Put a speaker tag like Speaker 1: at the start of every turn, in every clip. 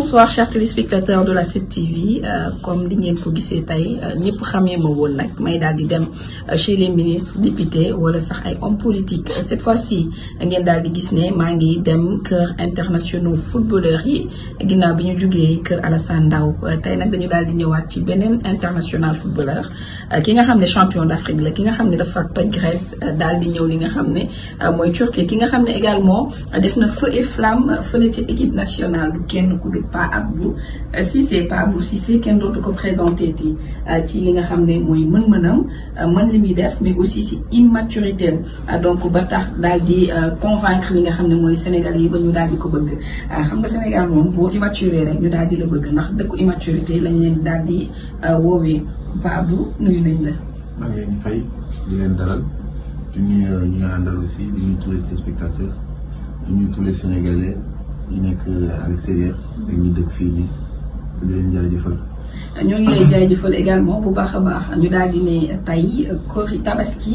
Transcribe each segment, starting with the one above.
Speaker 1: bonsoir chers téléspectateurs de la 7TV euh, comme di ngeen ko gisee tey euh, ñëpp xamee ma woon nag may daal di dem euh, chez les ministres députés wala sax ay hommes politiques cette fois-ci ngeen daal di gis ne maa ngi dem kër internationaux footballeurs yi ginnaaw bi ñu jugee kër Alassane Ndao tey nag dañu daal di ñëwaat ci beneen international footballeur ki nga xam ne champion d'Afrique la ki nga xam ne dafa toj Grèce dal di ñëw li nga xam ne mooy Turquie ki nga xam ne également def na feu et flamme fële ca équipe kenn ku Pa Abdou euh, Cissé Pa Abdou Cissé kenn dootu ko présenté ti euh, ci li nga xam ne mooy mën-mënam euh, mën li muy def mais aussi si immaturité donc ba tax daal di convaincre li nga xam ne mooy Sénégal yi ba ñu daal di ko bëgg xam nga Sénégal moom boo immaturé rek ñu daal di la bëgg ndax dëkku immaturité lañ leen daal di woowee Pa Abdou nuyu nañ la.
Speaker 2: maa ngi leen di di leen dalal di nuyu ñi nga àndal aussi di nuyu tous les di nuyu tous les ñi nekk à l'extérieur ak ñi dëkk fii nii di leen jërëjëfal
Speaker 1: ñoo ngi lay jaajëfal également bu baax a baax ñu daal di ne tay kori tabaski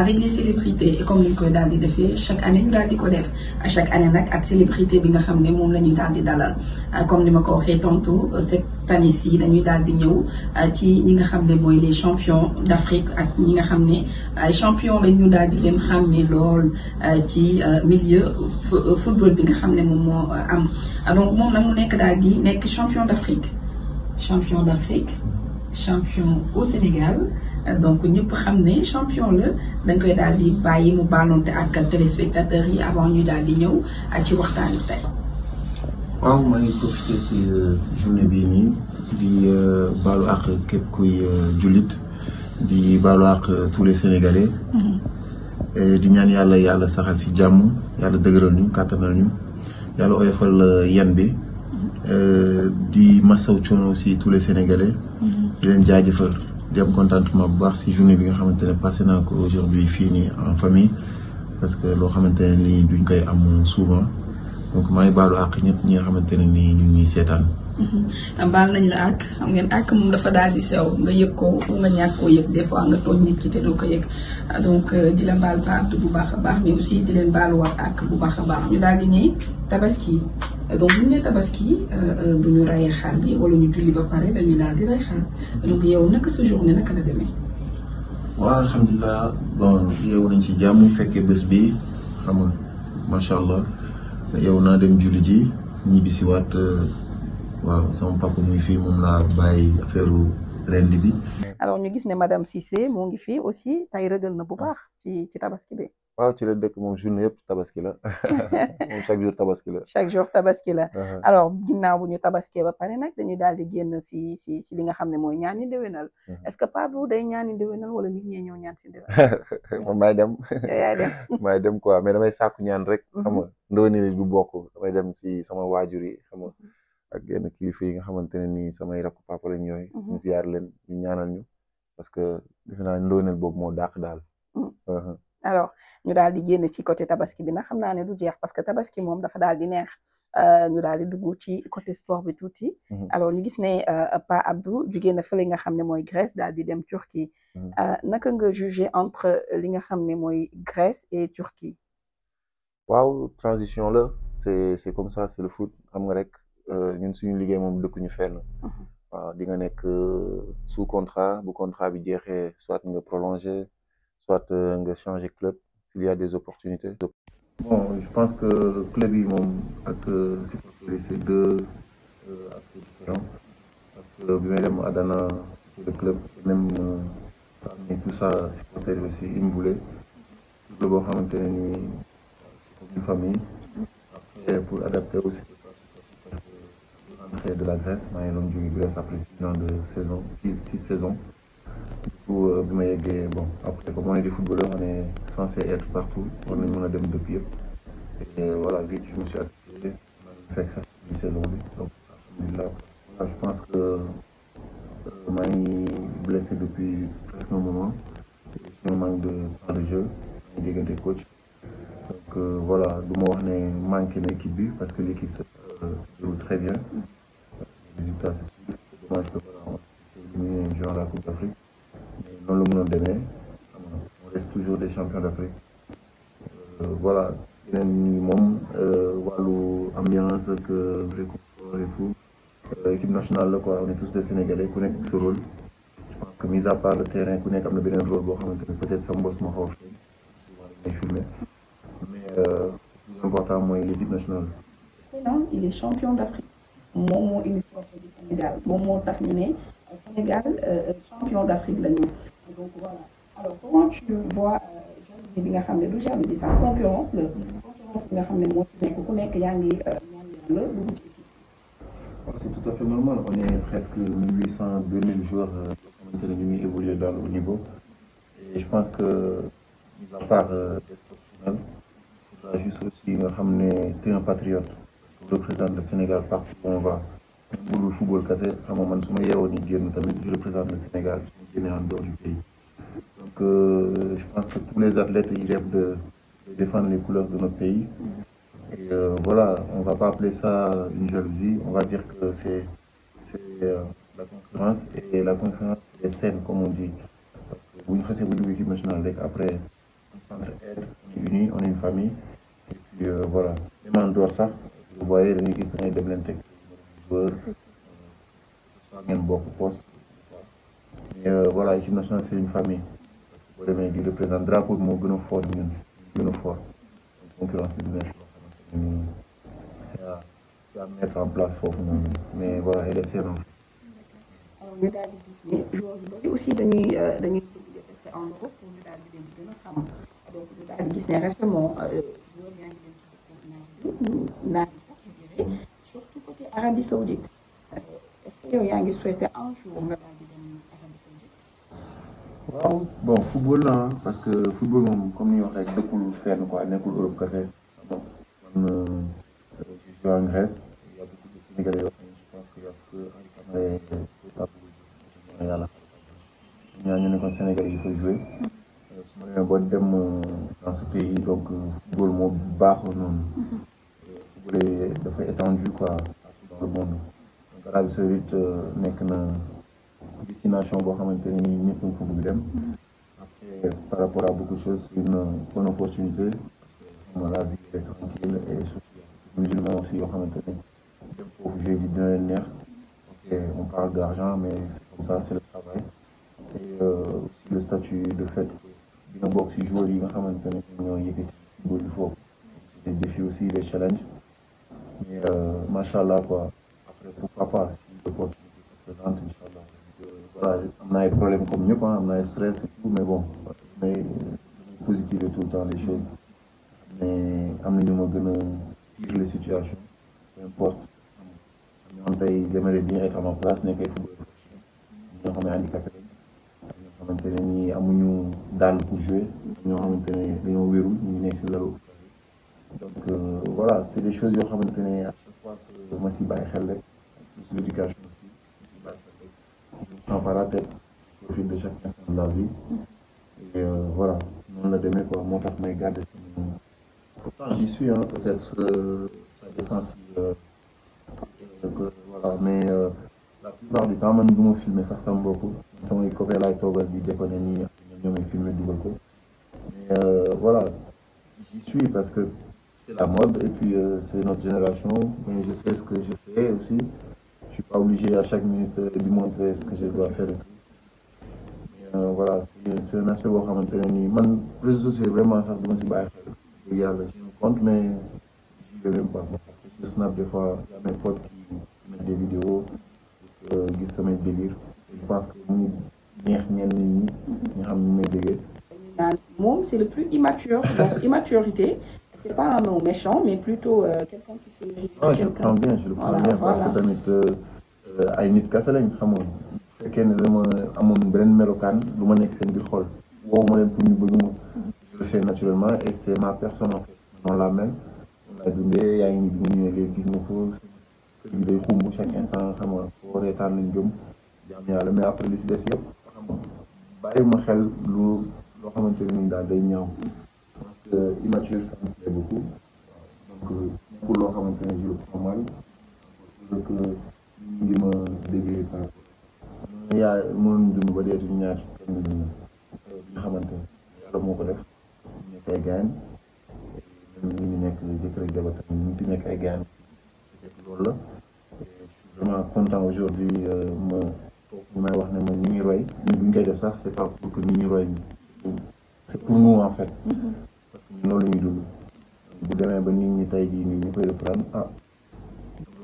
Speaker 1: avec les célébrités comme ni ñu koy daal di defee chaque année ñu daal di ko def chaque année nag ak célébrité bi nga xam ne moom la ñuy daal di dalal euh, comme ni ma ko waxee tantôt euh, cette année dañuy daal di ñëw euh, ci ñi nga xam ne mooy les champions d'Afrique ak ñi nga xam ne ay champions lañ ñu daal di leen xàmmee lool ci milieu football bi nga xam ne moom moo am donc moom nag nekk daal di nekk champion d'Afrique. champion d'Afrique champion au Sénégal donc ñëpp xam ne champion la dañ koy daal di bàyyi mu baalonte ak téléspectateurs yi avant ñu daal di ñëw ak ci waxtaan bi tey.
Speaker 2: waaw maa ngi profité si euh, journée bii nii di euh, baalu àq képp kuy euh, jullit di baalu àq tous les
Speaker 1: mm-hmm.
Speaker 2: di ñaan yàlla yàlla saxal fi jàmm yàlla dëgëral ñu kàttanal ñu yàlla oyofal yan Euh, di masaw coono aussi tous les sénégalais. Mm-hmm. di leen jaajëfal di am contentement bu baax si journée bi nga xamante ne passé naa ko aujourd'hui fii nii en famille parce que loo xamante ne nii duñ koy am souvent donc maa ngi baalu àq ñëpp ñi nga xamante ne nii ñu ngi seetaan.
Speaker 1: Mm-hmm. baal nañ la àkk xam ngeen àkk moom dafa daal di sew nga yëg ko nga ñàkk koo yëg des fois nga tooñ nit ki te doo ko yëg ah, donc euh, di la baal baat bu baax a baax mais di leen baal war bu baax a baax ñu daal di ñëw tabaski donc bu bu euh, euh, ñu rayee xar bi ñu julli ba pare dañu daal di rey xar donc yow naka sa
Speaker 2: bés bi xam nga macha allah yow naa dem julli ji ñibbisiwaat. waaw sama papa muy fii moom laa bàyyi affaire rendi bi. alors
Speaker 1: ñu gis ne madame Cissé mu ngi fii aussi tay rëgal na bu baax ci ci tabaski bi.
Speaker 2: waaw ci la dëkk moom journée yëpp tabaski la moom chaque jour tabaski la. chaque
Speaker 1: jour tabaski la. alors ginnaaw bu ñu tabaskee ba pare nag dañu daal di génn si si si li nga xam ne mooy ñaani déwénal. est-ce que Pape day ñaani déwénal wala nit ñee ñoo ñaan si
Speaker 2: déwénal. man dem. yaay dem maay dem mais damay sàkku ñaan rek. xam nga mhm. ndooni bokk damay dem si sama waajur yi xam nga mhm. ak yenn kilifa yi nga xamante ne nii samay rakku papa lañ yooyu mhm. ñu ziar leen ñu ñaanal ñu parce que naa ndooneel boobu moo dàq daal mhm. uh-huh.
Speaker 1: alors ñu daal di génn ci côté tabaski bi na xam naa ne du jeex parce que tabaski moom dafa daal di neex euh, ñu daal di dugg ci côté sport bi tuuti. Mhm. alors ñu gis ne euh, Pa Abdou jugee fa fële nga xam ne mooy Grèce daal di dem Turquie. Euh, naka nga juger entre li nga xam ne mooy Grèce et Turquie.
Speaker 2: waaw transition la c'est c'est comme ça c'est le foot xam nga rek Euh, ñun suñu liggéey moom dëkkuñu fenn. Mhm. waaw di nga nekk euh, sous contrat bu contrat bi jeexee soit nga prolonger soit euh, nga changer club s'il y des opportunités. je pense que club yi moom ak supporters yi c'est deux aspects différents parce que bi may dem Adana le club même parmi tout ça supporters yi aussi Imboulé club boo xamante ne nii famille pour adapter aussi. fait de la Grèce maa ngi doon jóge Grèce après six ans de saison six six saisons euh, ma yeggee bon après comme on est des footballeurs on est censé être partout war nañ mën a dem depuis yëpp et euh, voilà vite je me suis activé fekk sax si saison bi donc alhamdulilah voilà je pense que euh, maa blessé depuis presque un moment c'est un manque de temps de jeu donc voilà du ma wax ne manqué na équipe bi parce que l'équipe se déroule très bien résultat match de Coran éliminé en jouant la Coupe d'Afrique mais noonu la mënoon demee on reste toujours des champions d'Afrique eh, voilà yeneen ñi moom wàllu ambiance ak vrai confort et tout équipe eh, la quoi on est tous des Sénégalais ku nekk sa rôle je mis à part le terrain ku nekk am na beneen rôle boo xamante ne peut-être sa mbos moo xaw a feeñ souvent dañ may filmé mais euh, le plus important mooy l'équipe nationale.
Speaker 1: non il est champion d'Afrique. moom moo indi du Sénégal moom moo tax ñu ne euh, Sénégal euh, euh, champion d'Afrique la ñu donc voilà alors comment tu vois jalousie bi nga xam ne du jalousie sax concurrence la concurrence bi nga xam ne moo ci nekk ku nekk yaa ngi ñaan yàlla dugg
Speaker 2: c'est tout à fait normal on est presque mille ñu ngi évoluer dans le haut niveau et je pense que mis à part d'être juste aussi nga xam ne t'es un patriote représente le Sénégal partout où on va budul football kese xam nga man su ma yeewoo ni génn tamit je représente le Sénégal su ma génnee en dehors du pays donc euh, je pense que tous les athlètes ils rêvent de défendre les couleurs de notre pays et euh, voilà on va pas appeler ça une jalousie on va dire que c'est euh, la concurrence et la concurrence est saine comme on dit parce que bu ñu xasee bu équipe nationale rek après on s'entraide on on est vous voyez dañuy gis da ngay dem leen teg joueur soit ngeen bokk euh, voilà équipe nationale c'est une famille parce que boo demee di représenté drapeau moo gën a fort ñun gën a fort concurrence bi en place foofu noonu mais voilà elle est saine alors ñu aussi dañuy euh, dañuy bëgg
Speaker 1: a tester en Europe pour ñu daal di leen gën a surtout côté Arabie Saoudite euh, est-ce que yow yaa ngi souhaité un jour nga daal di dem Arabie Saoudite.
Speaker 2: waaw bon football la parce que football moom comme ni ñu waxee dëkkul Europe kese. bon euh, en Grèce il y a beaucoup de Sénégalais yoo xam ne je pense que y a dem euh, dans ce pays donc football moo baaxoon noonu. Hmm. volet dafay étendu quoi partout dans le monde donc Arabie Saoudite euh, nekk na destination boo xamante ne nii ñëpp nga fa par rapport à beaucoup de choses c'est une bonne parce que la vie est tranquille et surtout musulmans aussi yoo xamante ne dem foofu jeu bi dina ok on parle d'argent mais comme ça c'est le travail et euh, le statut de fait dina bokk ci joueurs yi nga xamante ne ñoo yëkkati ci niveau bi foofu c'est aussi des challenges Mais euh, machallah quoi. Après, pourquoi pas, si l'opportunité se présente, Inch'Allah. voilà, on a des problèmes comme nous, quoi. on a des stress et tout, mais bon, mais euh, positif tout le temps les choses. am nañu ma gën a tirer les situations, peu importe. am na tey j'aimerais bien être à ma place nekk ay football professionnel ñoo xam ne handicapé lañ ñoo xamante ne ñi amuñu daal pour jouer ñoo xamante ne dañoo wérul ñu nekk si lalu donc euh, voilà c'est des choses yoo xamante ne à chaque fois que ma si bàyyi xel rek ak plus l'éducation aussi si bàyyi xel rek je ne prends pas la tête je profite de chaque instant de la vie et euh, voilà noonu la demee quoi moo tax may garder sama pourtant j'y suis hein peut-être euh, ça dépend si que voilà mais la plupart du temps man du ma filmer sax sama bopp samay copain laay toogal di déconner nii ñoom ñoo may filmer dugal ko mais voilà j'y suis la mode et puis euh, notre génération. je fais ce que je fais aussi. Je suis pas obligé à chaque euh, de faire ce que je dois faire. Mais euh, voilà, c'est un aspect boo xamante ne nii man réseaux sociaux vraiment sa du ma si bàyyi xel yàlla j'ai un compte mais j'y vais même pas qui mettent des vidéos euh, je pense que mu neex ñenn ñi ñu xam ñu may déggee
Speaker 1: c'est le plus immature immaturité c'est pas un mot méchant, mais plutôt euh, quelqu'un qui fait. ah je le prends bien je le
Speaker 2: euh, euh, ay nit kese lañ xamoon. bu fekkee ne dama amoon beneen melokaan lu ma nekk seen biir xol woow ma leen pour ñu bëgg ma. naturellement et c'est ma personne en fait non la même. a dundee yaa ngi nii ñu ne gis nga ko kër gi day xumb chaque instant xam nga foo après li si des yëpp xam ma xel lu loo xamante ni daal day ñaaw Euh, immature ça me plaît donc nekkul loo xamante ne je le prends mal yaa moom dund ba dee suñu ñaar kenn nga xamante ne yàlla moo ko def ñu nekk ay gaañ même nekk jëkkër ak jabar tamit ñu ngi nekk ay gaañ loolu la vraiment content aujourd'hui euh, ma may wax ne ma ñu ngi roy ñu buñ koy def sax c'est pas pour que ñu ñu roy c'est pour nous en mm-hmm. noonu la ñuy bu demee ba nit ñi tey jii nii ñu koy reprendre ah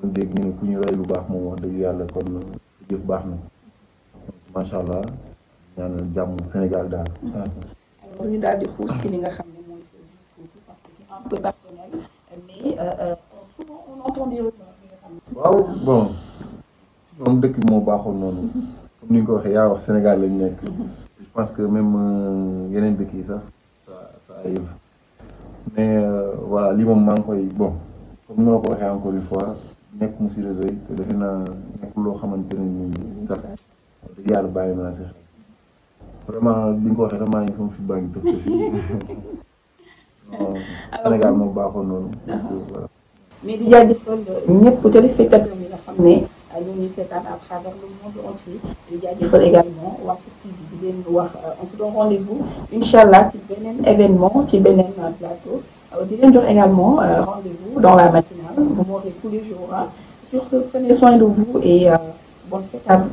Speaker 2: ñu ku ñu rey lu baax moom wax dëgg yàlla kon sa jëf baax na macha allah ñaanal jàmm Sénégal daal.
Speaker 1: alors ñu daal di xuus ci li nga xam ne mooy sa euh, euh, vie
Speaker 2: bon moom dëkk moo baaxoon noonu comme ni nga ko waxee yaa wax Sénégal lañ nekk mhm. je pense que même euh, yeneen dëkk sax mais euh, voilà lii moom maa ngi koy bon comme ni ma la ko waxee nekk mu si réseau yi te defe nekk loo xamante ne nii sax dëgg yàlla bàyyi naa si vraiment bi nga ko waxee sax maa ngi sama fi bàyyi def ko fii Sénégal moom baaxoon noonu. Ah.
Speaker 1: mais di jaajëfal ñëpp téléspectateur yi nga ñu ngi seetaan à travers le monde entier di jaajëfal également waa 7TV di euh, on se donne vous incha allah ci beneen événement ci euh, plateau euh, di leen jox également rendez-vous dans la matinale vous m'aurez tous les sur ce prenez soin de vous et bonne fête